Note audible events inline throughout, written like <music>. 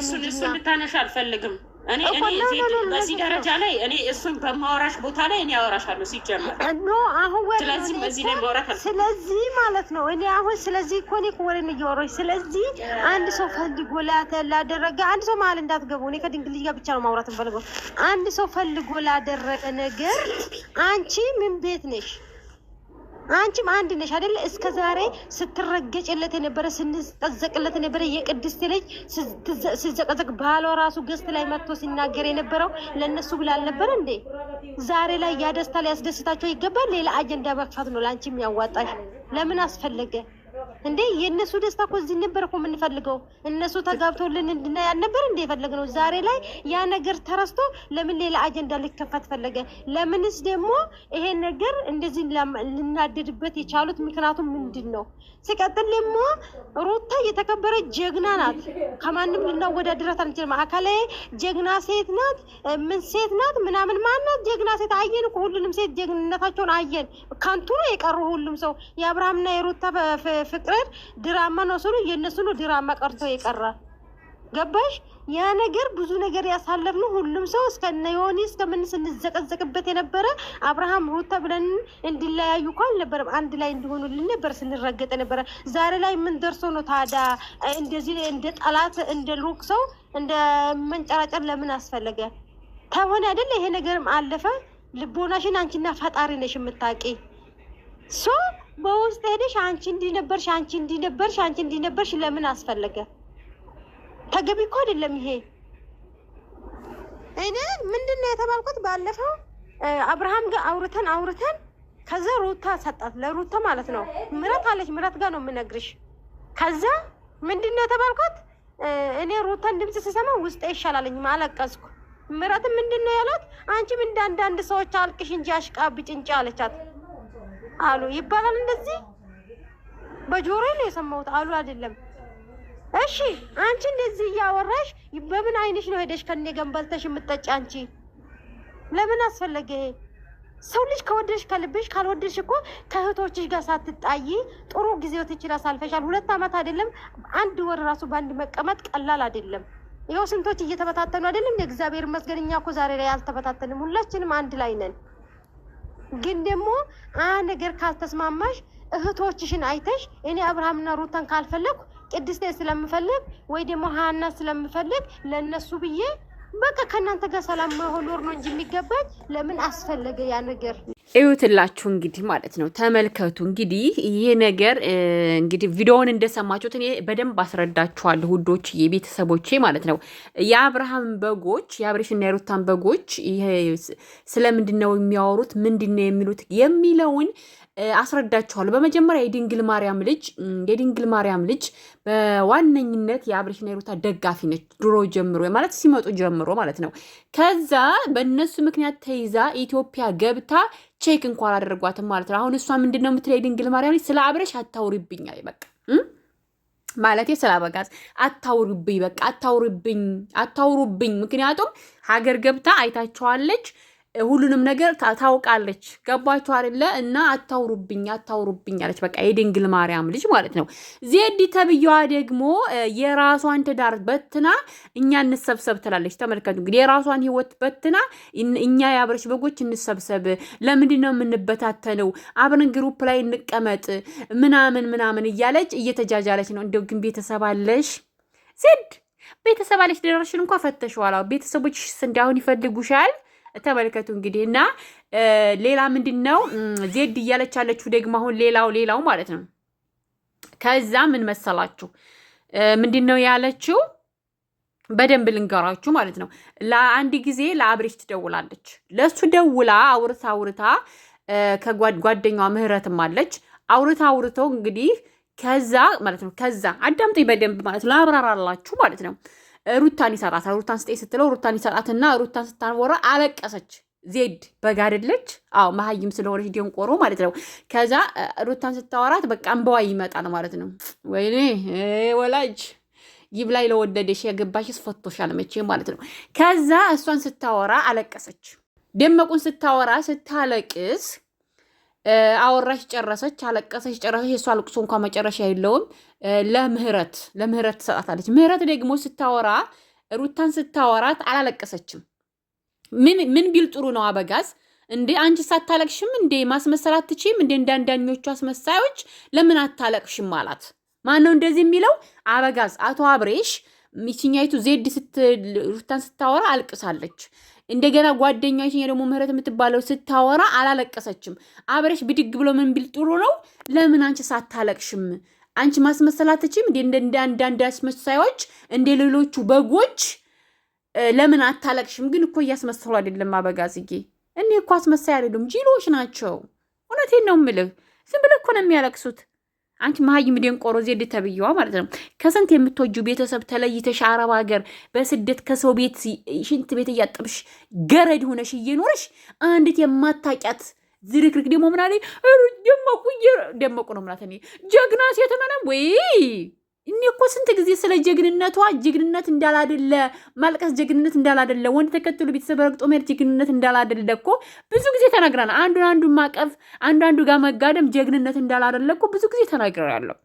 እሱን እሱ እንድታነሽ አልፈልግም። እኔ በዚህ ደረጃ ላይ እኔ እሱን በማወራሽ ቦታ ላይ እኔ አወራሻለሁ ሲጀመር። ስለዚህ በዚህ ላይ ማውራት ስለዚህ ማለት ነው እኔ አሁን ስለዚህ እኮ እኔ ወሬን እያወራሁሽ ስለዚህ አንድ ሰው ፈልጎ ላደረገ አንድ ሰው መሀል እንዳትገቡ። እኔ ከድንግልዬ ጋር ብቻ ነው ማውራት ፈልገው። አንድ ሰው ፈልጎ ላደረገ ነገር አንቺ ምን ቤት ነሽ? አንቺም አንድ ነሽ አይደለ? እስከ ዛሬ ስትረገጭለት የነበረ ስንጠዘቅለት የነበረ የቅድስት ልጅ ስዘቀዘቅ ባሏ ራሱ ገስት ላይ መጥቶ ሲናገር የነበረው ለእነሱ ብላ አልነበረ እንዴ? ዛሬ ላይ ያደስታ ሊያስደስታቸው ይገባል። ሌላ አጀንዳ መክፋት ነው ለአንቺም ያዋጣሽ። ለምን አስፈለገ? እንዴ የእነሱ ደስታ እኮ እዚህ ነበር እኮ የምንፈልገው። እነሱ ተጋብቶልን እንድናይ አልነበር እንዴ ነው። ዛሬ ላይ ያ ነገር ተረስቶ ለምን ሌላ አጀንዳ ሊከፈት ፈለገ? ለምንስ ደግሞ ይሄ ነገር እንደዚህ ልናደድበት የቻሉት ምክንያቱም ምንድን ነው? ሲቀጥል ደግሞ ሩታ የተከበረ ጀግና ናት። ከማንም ልናወዳድራት አንችልም። አካላዊ ጀግና ሴት ናት። ምን ሴት ናት ምናምን ማናት ጀግና ሴት አየን እኮ ሁሉንም ሴት ጀግንነታቸውን አየን። ከንቱ ነው የቀሩ ሁሉም ሰው የአብርሃምና የሩታ ፍቅር መቅረብ ድራማ ነው ስሉ የእነሱ ነው ድራማ ቀርቶ የቀረ ገባሽ? ያ ነገር ብዙ ነገር ያሳለፍነው ሁሉም ሰው እስከነ ዮኒ እስከምን ስንዘቀዘቅበት የነበረ አብርሃም ሩታ ብለን እንዲለያዩ እኮ አልነበረም። አንድ ላይ እንዲሆኑልን ነበር ስንረገጥ ነበረ። ዛሬ ላይ ምን ደርሶ ነው ታዲያ? እንደዚህ እንደ ጠላት እንደ ሩቅ ሰው እንደ መንጨራጨር ለምን አስፈለገ? ተሆነ አይደለ? ይሄ ነገርም አለፈ። ልቦናሽን አንቺና ፈጣሪ ነሽ የምታውቂ በውስጥ ሄደሽ አንቺ እንዲነበርሽ ነበርሽ፣ አንቺ እንዲህ ነበርሽ፣ አንቺ ለምን አስፈለገ? ተገቢ እኮ አይደለም ይሄ። እኔ ምንድን ነው የተባልኩት? ባለፈው አብርሃም ጋር አውርተን አውርተን ከዛ ሩታ ሰጣት፣ ለሩታ ማለት ነው። ምረት አለች፣ ምረት ጋር ነው የምነግርሽ። ከዛ ምንድን ነው የተባልኩት? እኔ ሩታን ድምፅ ስሰማ ውስጤ ይሻላለኝ ማለቀስኩ። ምረትም ምንድን ነው አንቺም እንደ አንዳንድ ሰዎች አልቅሽ እንጂ አሽቃብጭ እንጂ አለቻት። አሉ ይባላል። እንደዚህ በጆሮ ነው የሰማሁት። አሉ አይደለም። እሺ አንቺ እንደዚህ እያወራሽ በምን አይንሽ ነው ሄደሽ ከኔ ገንበልተሽ የምትጠጪ? አንቺ ለምን አስፈለገ ይሄ? ሰው ልጅ ከወደድሽ ከልብሽ፣ ካልወደድሽ እኮ ከእህቶችሽ ጋር ሳትጣይ ጥሩ ጊዜው ትችላ ሳልፈሻል። ሁለት ዓመት አይደለም አንድ ወር ራሱ በአንድ መቀመጥ ቀላል አይደለም። ይኸው ስንቶች እየተበታተኑ አይደለም። እግዚአብሔር ይመስገን እኛ እኮ ዛሬ ላይ አልተበታተንም፣ ሁላችንም አንድ ላይ ነን። ግን ደግሞ አንድ ነገር ካልተስማማሽ እህቶችሽን አይተሽ እኔ አብርሃምና ሩታን ካልፈለግኩ ቅድስቴ ስለምፈልግ ወይ ደግሞ ሀና ስለምፈልግ ለእነሱ ብዬ በቃ ከእናንተ ጋር ሰላም መሆኖር ነው እንጂ የሚገባኝ ለምን አስፈለገ ያ ነገር? እዩትላችሁ እንግዲህ ማለት ነው። ተመልከቱ እንግዲህ ይሄ ነገር እንግዲህ ቪዲዮውን እንደሰማችሁት እኔ በደንብ አስረዳችኋለሁ ውዶች፣ የቤተሰቦቼ ማለት ነው። የአብርሃም በጎች የአብሬሽና የሩታን በጎች ስለምንድን ነው የሚያወሩት ምንድን ነው የሚሉት የሚለውን አስረዳችኋለሁ። በመጀመሪያ የድንግል ማርያም ልጅ የድንግል ማርያም ልጅ በዋነኝነት የአብሬሽና የሩታ ደጋፊ ነች፣ ድሮ ጀምሮ ማለት ሲመጡ ጀምሮ ማለት ነው። ከዛ በእነሱ ምክንያት ተይዛ ኢትዮጵያ ገብታ ቼክ እንኳን አደረጓትም ማለት ነው። አሁን እሷ ምንድን ነው የምትለኝ? ድንግል ማርያም ስለ አብረሽ አታውሪብኛል በቃ ማለት ስለ አበጋዝ አታውሩብኝ፣ በቃ አታውሩብኝ፣ አታውሩብኝ። ምክንያቱም ሀገር ገብታ አይታቸዋለች። ሁሉንም ነገር ታውቃለች። ገባችሁ አይደለ? እና አታውሩብኝ አታውሩብኝ አለች። በቃ የድንግል ማርያም ልጅ ማለት ነው። ዜድ ተብዬዋ ደግሞ የራሷን ትዳር በትና እኛ እንሰብሰብ ትላለች። ተመልከቱ እንግዲህ የራሷን ህይወት በትና እኛ የአብረች በጎች እንሰብሰብ፣ ለምንድን ነው የምንበታተነው? አብረን ግሩፕ ላይ እንቀመጥ ምናምን ምናምን እያለች እየተጃጃለች ነው። እንደው ግን ቤተሰብ አለሽ ዜድ ቤተሰብ አለሽ። ደረሽን እንኳ ፈተሽዋል። ቤተሰቦችስ እንዳሁን ይፈልጉሻል ተመልከቱ እንግዲህ እና ሌላ ምንድን ነው ዜድ እያለች ያለችው ደግሞ አሁን ሌላው ሌላው ማለት ነው። ከዛ ምን መሰላችሁ ምንድን ነው ያለችው? በደንብ ልንገራችሁ ማለት ነው። ለአንድ ጊዜ ለአብሬሽ ትደውላለች። ለእሱ ደውላ አውርታ አውርታ ከጓደኛዋ ምህረትም አለች አውርታ አውርተው እንግዲህ ከዛ ማለት ነው ከዛ አዳምጦ በደንብ ማለት ነው ላብራራላችሁ ማለት ነው ሩታን ይሰጣታል። ሩታን ስጤ ስትለው ሩታን ይሰጣትና ሩታን ስታንቦራ አለቀሰች። ዜድ በግ አይደለች? አዎ መሀይም ስለሆነች ደንቆሮ ማለት ነው። ከዛ ሩታን ስታወራት በቃ እንበዋ ይመጣል ማለት ነው። ወይኔ ወላጅ ይብ ላይ ለወደደሽ የገባሽስ ፈቶሻል መቼ ማለት ነው። ከዛ እሷን ስታወራ አለቀሰች። ደመቁን ስታወራ ስታለቅስ አወራሽ ጨረሰች፣ አለቀሰች፣ ጨረሰች። የእሷ ልቅሶ እንኳ መጨረሻ የለውም። ለምህረት ለምህረት ትሰጣታለች። ምህረት ደግሞ ስታወራ ሩታን ስታወራት አላለቀሰችም። ምን ቢል ጥሩ ነው አበጋዝ እንዴ አንቺ ሳታለቅሽም እንዴ ማስመሰል አትችይም እንዴ እንዳንዳኞቹ አስመሳዮች ለምን አታለቅሽም አላት። ማን ነው እንደዚህ የሚለው? አበጋዝ አቶ አብሬሽ ሚችኛይቱ ዜድ ሩታን ስታወራ አልቅሳለች። እንደገና ይችኛ ደግሞ ምህረት የምትባለው ስታወራ አላለቀሰችም። አብሬሽ ብድግ ብሎ ምን ቢል ጥሩ ነው? ለምን አንቺ ሳታለቅሽም አንቺ ማስመሰል አትችይም እንዴ? እንደ አንዳንድ አስመሳዮች እንደ ሌሎቹ በጎች ለምን አታለቅሽም? ግን እኮ እያስመሰሉ አይደለም አበጋዝጌ። እኔ እኮ አስመሳይ አይደለም ጅሎች ናቸው። እውነቴን ነው ምልህ። ዝም ብለህ እኮ ነው የሚያለቅሱት። አንቺ መሀይም ደንቆሮ ዜድ ተብዬዋ ማለት ነው። ከስንት የምትወጂው ቤተሰብ ተለይተሽ አረብ ሀገር በስደት ከሰው ቤት ሽንት ቤት እያጠብሽ ገረድ ሆነሽ እየኖረሽ አንዲት የማታውቂያት ዝርክርክ ደግሞ ምናለ ደመቁ ደመቁ ነው ምናተ ጀግና ሴት ነንም ወይ እኔ እኮ ስንት ጊዜ ስለ ጀግንነቷ ጀግንነት እንዳላደለ ማልቀስ ጀግንነት እንዳላደለ ወንድ ተከትሎ ቤተሰብ ረግጦ መሄድ ጀግንነት እንዳላደለ እኮ ብዙ ጊዜ ተናግረናል። አንዱን አንዱ ማቀፍ አንዱ አንዱ ጋር መጋደም ጀግንነት እንዳላደለ እኮ ብዙ ጊዜ ተናግሬያለሁ።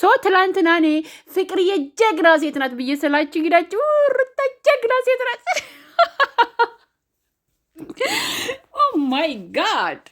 ሶ ትላንትና እኔ ፍቅር የጀግና ሴት ናት ብዬ ስላችሁ እንግዳችሁ ሩታ ጀግና ሴት ናት ማይ ጋድ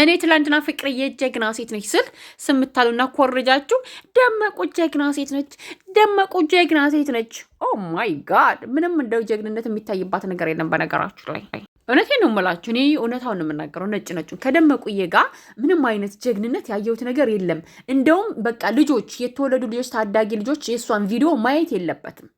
እኔ ትላንትና ፍቅርዬ ጀግና ሴት ነች ስል ስምታሉና ኮርጃችሁ ደመቁ ጀግና ሴት ነች፣ ደመቁ ጀግና ሴት ነች። ኦ ማይ ጋድ ምንም እንደው ጀግንነት የሚታይባት ነገር የለም። በነገራችሁ ላይ እውነቴ ነው የምላችሁ፣ እኔ እውነታውን ነው የምናገረው። ነጭ ነጩ ከደመቁዬ ጋር ምንም አይነት ጀግንነት ያየሁት ነገር የለም። እንደውም በቃ ልጆች፣ የተወለዱ ልጆች፣ ታዳጊ ልጆች የእሷን ቪዲዮ ማየት የለበትም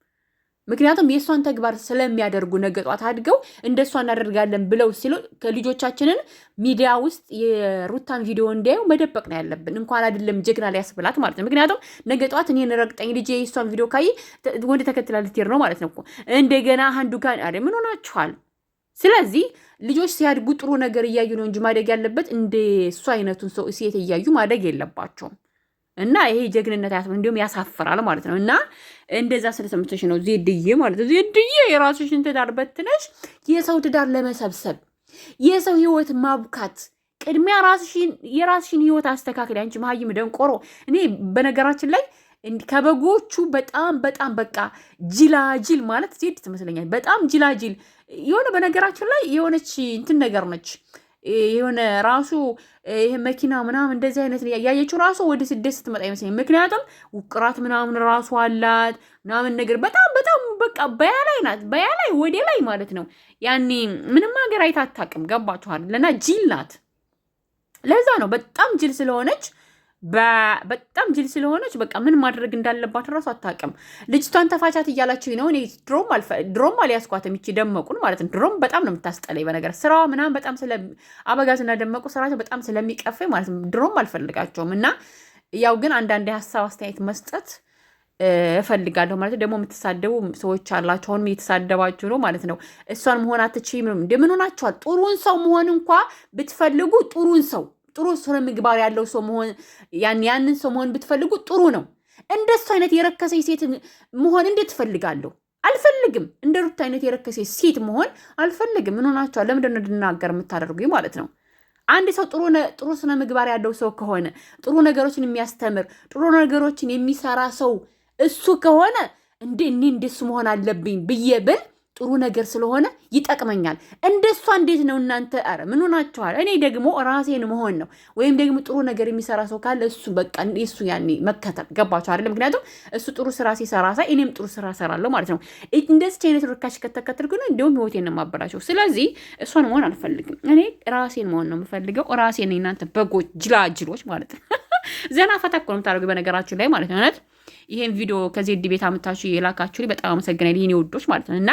ምክንያቱም የእሷን ተግባር ስለሚያደርጉ ነገ ጧት አድገው እንደሷ እናደርጋለን ብለው ሲሉ ከልጆቻችንን ሚዲያ ውስጥ የሩታን ቪዲዮ እንዲያዩ መደበቅ ነው ያለብን። እንኳን አይደለም ጀግና ሊያስብላት ማለት ነው። ምክንያቱም ነገ ጧት እኔን ረግጠኝ ልጄ የእሷን ቪዲዮ ካይ ወንድ ተከትላ ልትሄድ ነው ማለት ነው እንደገና አንዱ ጋር አ ምን ሆናችኋል? ስለዚህ ልጆች ሲያድጉ ጥሩ ነገር እያዩ ነው እንጂ ማደግ ያለበት እንደ እሱ አይነቱን ሰው ሴት እያዩ ማደግ የለባቸውም። እና ይሄ ጀግንነት ያስ እንዲሁም ያሳፍራል ማለት ነው። እና እንደዛ ስለሰምተሽ ነው ዜድዬ ማለት ነው። ዜድዬ የራስሽን ትዳር በትነሽ የሰው ትዳር ለመሰብሰብ የሰው ህይወት ማብካት ቅድሚያ የራስሽን ህይወት አስተካክል። አንቺ መሀይም ደንቆሮ። እኔ በነገራችን ላይ ከበጎቹ በጣም በጣም በቃ ጅላጅል ማለት ዜድ ትመስለኛል። በጣም ጅላጅል የሆነ በነገራችን ላይ የሆነች እንትን ነገር ነች የሆነ ራሱ ይህ መኪና ምናምን እንደዚህ አይነት ያየችው ራሱ ወደ ስደት ስትመጣ ይመስለኝ። ምክንያቱም ውቅራት ምናምን ራሱ አላት ምናምን ነገር በጣም በጣም በቃ በያ ላይ ናት፣ በያ ላይ ወደ ላይ ማለት ነው። ያኔ ምንም ሀገር አይታታቅም። ገባችኋል? ለና ጅል ናት። ለዛ ነው በጣም ጅል ስለሆነች በጣም ጅል ስለሆነች በቃ ምን ማድረግ እንዳለባት እራሱ አታውቅም። ልጅቷን ተፋቻት እያላችሁ ነው። እኔ ድሮም አልያዝኳትም። ይቺ ደመቁን ማለት ነው። ድሮም በጣም ነው የምታስጠለኝ። በነገር ስራዋ ምናምን በጣም አበጋዝና ደመቁ ስራቸው በጣም ስለሚቀፈኝ ማለት ነው ድሮም አልፈልጋቸውም። እና ያው ግን አንዳንድ የሀሳብ አስተያየት መስጠት እፈልጋለሁ ማለት ደግሞ የምትሳደቡ ሰዎች አላችሁ። አሁንም እየተሳደባችሁ ነው ማለት ነው። እሷን መሆን አትችይም። እንደምን ሆናችኋል? ጥሩን ሰው መሆን እንኳ ብትፈልጉ ጥሩን ሰው ጥሩ ስነ ምግባር ያለው ሰው መሆን ያንን ሰው መሆን ብትፈልጉ ጥሩ ነው። እንደሱ አይነት የረከሰ ሴት መሆን እንዴት ትፈልጋለሁ? አልፈልግም። እንደ ሩት አይነት የረከሰ ሴት መሆን አልፈልግም። ምን ሆናችኋል? ለምንድን እንድናገር የምታደርጉ ማለት ነው? አንድ ሰው ጥሩ ስነ ምግባር ያለው ሰው ከሆነ ጥሩ ነገሮችን የሚያስተምር ጥሩ ነገሮችን የሚሰራ ሰው እሱ ከሆነ እንዴ እኔ እንደሱ መሆን አለብኝ ብዬ ብል ጥሩ ነገር ስለሆነ ይጠቅመኛል። እንደሷ እንዴት ነው እናንተ? ኧረ ምን ሆናችኋል? እኔ ደግሞ ራሴን መሆን ነው ወይም ደግሞ ጥሩ ነገር የሚሰራ ሰው ካለ እሱ በቃ እሱ ያኔ መከተል ገባቸው አይደለ? ምክንያቱም እሱ ጥሩ ስራ ሲሰራ ሳይ እኔም ጥሩ ስራ ሰራለሁ ማለት ነው። እንደዚህ አይነት ርካሽ ከተከተልኩ ግን እንዲሁም ህይወቴን የማበላሸው። ስለዚህ እሷን መሆን አልፈልግም። እኔ ራሴን መሆን ነው የምፈልገው። ራሴን እናንተ በጎች ጅላጅሎች ማለት ነው። <laughs> ዘና ፈታ እኮ ነው የምታደርገው በነገራችሁ ላይ ማለት ነው። ይሄን ቪዲዮ ከዜድ ቤት አምታችሁ የላካችሁ በጣም አመሰግናለሁ የኔ ውዶች ማለት ነው እና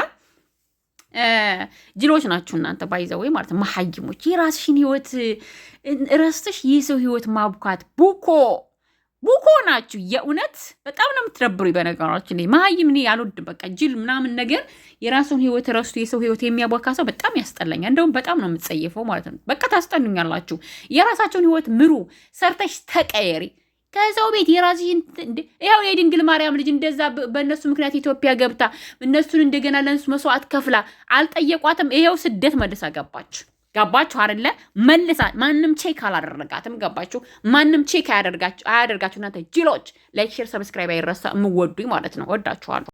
ጅሎች ናችሁ እናንተ ባይዘወይ ማለት ነው። መሀይሞች የራስሽን ህይወት ረስተሽ ይህ ሰው ህይወት ማቡካት ቡኮ ቡኮ ናችሁ። የእውነት በጣም ነው የምትደብሩ። በነገራችን ላይ መሀይም እኔ አልወድም። በቃ ጅል ምናምን ነገር የራሱን ህይወት ረስቶ የሰው ህይወት የሚያቧካ ሰው በጣም ያስጠላኛል። እንደውም በጣም ነው የምትጸይፈው ማለት ነው። በቃ ታስጠኑኛላችሁ። የራሳቸውን ህይወት ምሩ፣ ሰርተሽ ተቀየሪ። ከሰው ቤት የራስሽን ይኸው የድንግል ማርያም ልጅ እንደዛ በእነሱ ምክንያት ኢትዮጵያ ገብታ እነሱን እንደገና ለእነሱ መስዋዕት ከፍላ አልጠየቋትም። ይኸው ስደት መልሳ ገባች። ገባችሁ አይደለ? መልሳ ማንም ቼክ አላደረጋትም። ገባችሁ? ማንም ቼክ አያደርጋችሁ። እናንተ ጅሎች፣ ላይክ፣ ሼር፣ ሰብስክራይብ አይረሳ። የምወዱኝ ማለት ነው። ወዳችኋለሁ።